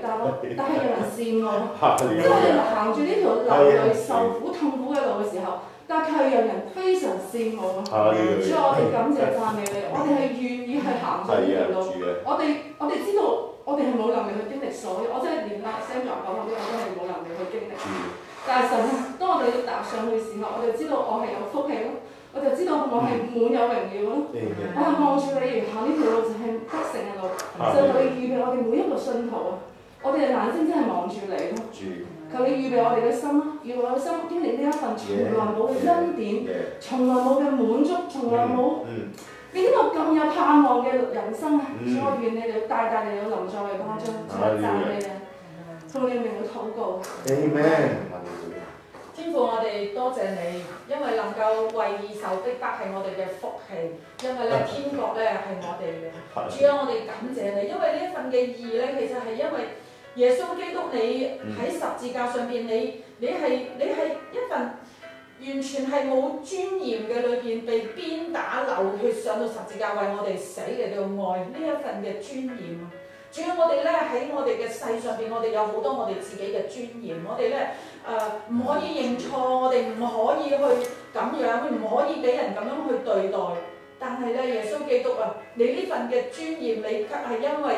但咯，但係有人羨慕， 即係我哋行住呢條流淚受苦痛苦嘅路嘅時候，但係佢係讓人非常羨慕咯。所以 我哋感謝讚美你， 我哋係願意去行咗呢條路。 我哋我哋知道，我哋係冇能力去經歷，所以我真係連阿星狀講嗰啲我都係冇能力去經歷。經歷 但係神，當我哋要踏上去嘅時候，我哋知道我係有福氣咯。我就知道我係滿有榮耀咯，我係望住你然後，然行呢條路就係得勝嘅路，所、嗯、就係你預備我哋每一個信徒啊，我哋嘅眼睛真係望住你咯，求你預備我哋嘅心啊，預備我嘅心經歷呢一份從來冇嘅恩典，yeah, yeah, yeah, yeah, yeah. 從來冇嘅滿足，從來冇，呢個咁有盼望嘅人生啊，所以我願你哋大大地有臨在嘅擴張，謝謝你啊，同你名我禱告。天父我，我哋多謝你，因為能夠為義受逼迫係我哋嘅福氣，因為咧天國咧係我哋嘅。係。主要我哋感謝你，因為呢一份嘅義咧，其實係因為耶穌基督你喺十字架上邊，你你係你係一份完全係冇尊嚴嘅裏邊被鞭打、流血上到十字架為我哋死嘅愛呢一份嘅尊嚴啊！主要我哋咧喺我哋嘅世上邊，我哋有好多我哋自己嘅尊嚴，我哋咧。誒唔、uh, 可以認錯，我哋唔可以去咁樣，唔可以俾人咁樣去對待。但係咧，耶穌基督啊，你呢份嘅尊嚴，你卻係因為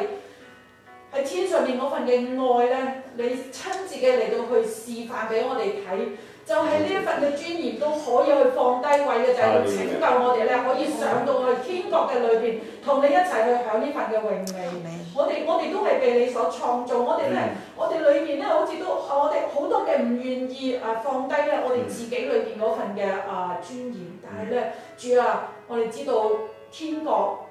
喺天上面份嘅愛咧，你親自嘅嚟到去示範俾我哋睇，就係呢一份嘅尊嚴都可以去放低位嘅，就係、是、拯救我哋咧，可以上到去天國嘅裏邊，同你一齊去享呢份嘅榮美。我哋我哋都係被你所創造，我哋咧，mm hmm. 我哋裏邊咧，好似都我哋好多嘅唔願意誒放低咧，我哋自己裏邊份嘅誒尊嚴，mm hmm. 但係咧主啊，我哋知道天國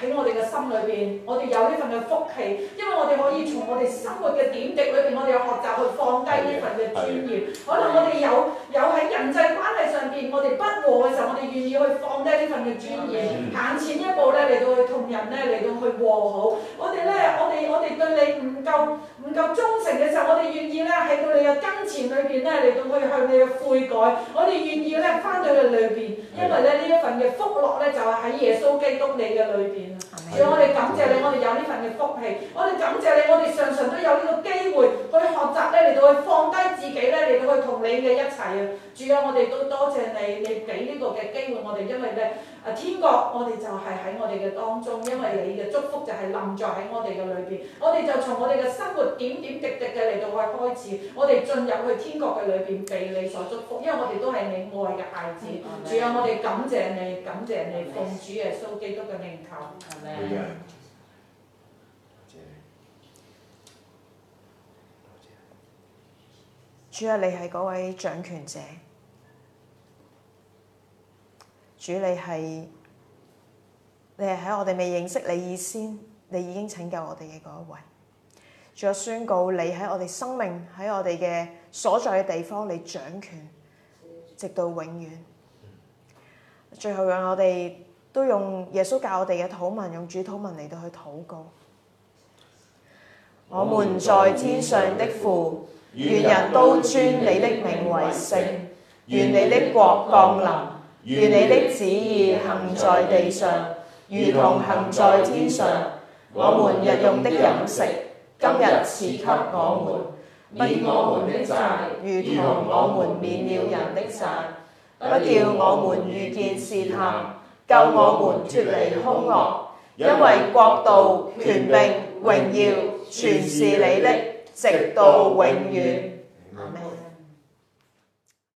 喺我哋嘅心裏邊，我哋有呢份嘅福氣，因為我哋可以從我哋生活嘅點滴裏邊，我哋有學習去放低呢份嘅尊嚴，mm hmm. 可能我哋有有喺人際關係上邊，我哋不和嘅時候，我哋願意去放低。嘅專業行前一步咧，嚟到去同人咧，嚟到去和好。我哋咧，我哋我哋對你唔夠。夠忠誠嘅時候，我哋願意咧喺到你嘅跟前裏邊咧嚟到去向你嘅悔改，我哋願意咧翻到去裏邊，因為咧呢一份嘅福樂咧就係、是、喺耶穌基督你嘅裏邊。所以 Amen. 我哋感謝你，我哋有呢份嘅福氣，我哋感謝你，我哋常常都有呢個機會去學習咧嚟到去放低自己咧嚟到去同你嘅一齊啊！主要我哋都多謝你，你俾呢個嘅機會我哋，因為咧啊天國我哋就係喺我哋嘅當中，因為你嘅祝福就係臨在喺我哋嘅裏邊，我哋就從我哋嘅生活。點點滴滴嘅嚟到去開始，我哋進入去天國嘅裏邊被你所祝福，因為我哋都係你愛嘅孩子。主啊、嗯，嗯、我哋感謝你，感謝你、嗯、奉主耶穌基督嘅命求，係咪、嗯？嗯、主啊，你係嗰位掌權者，主你係，你係喺我哋未認識你以先，你已經拯救我哋嘅嗰一位。仲宣告你喺我哋生命，喺我哋嘅所在嘅地方，你掌權直到永遠。最後讓我哋都用耶穌教我哋嘅禱文，用主禱文嚟到去禱告。我們在天上的父，願人都尊你的名為聖。願你的國降臨，願你的旨意行在地上，如同行在天上。我們日用的飲食今日賜給我們，免我們的債，如同我們免了人的債，不叫我們遇見試探，救我們脫離凶惡，因為國度、權柄、榮耀，全是你的，直到永遠。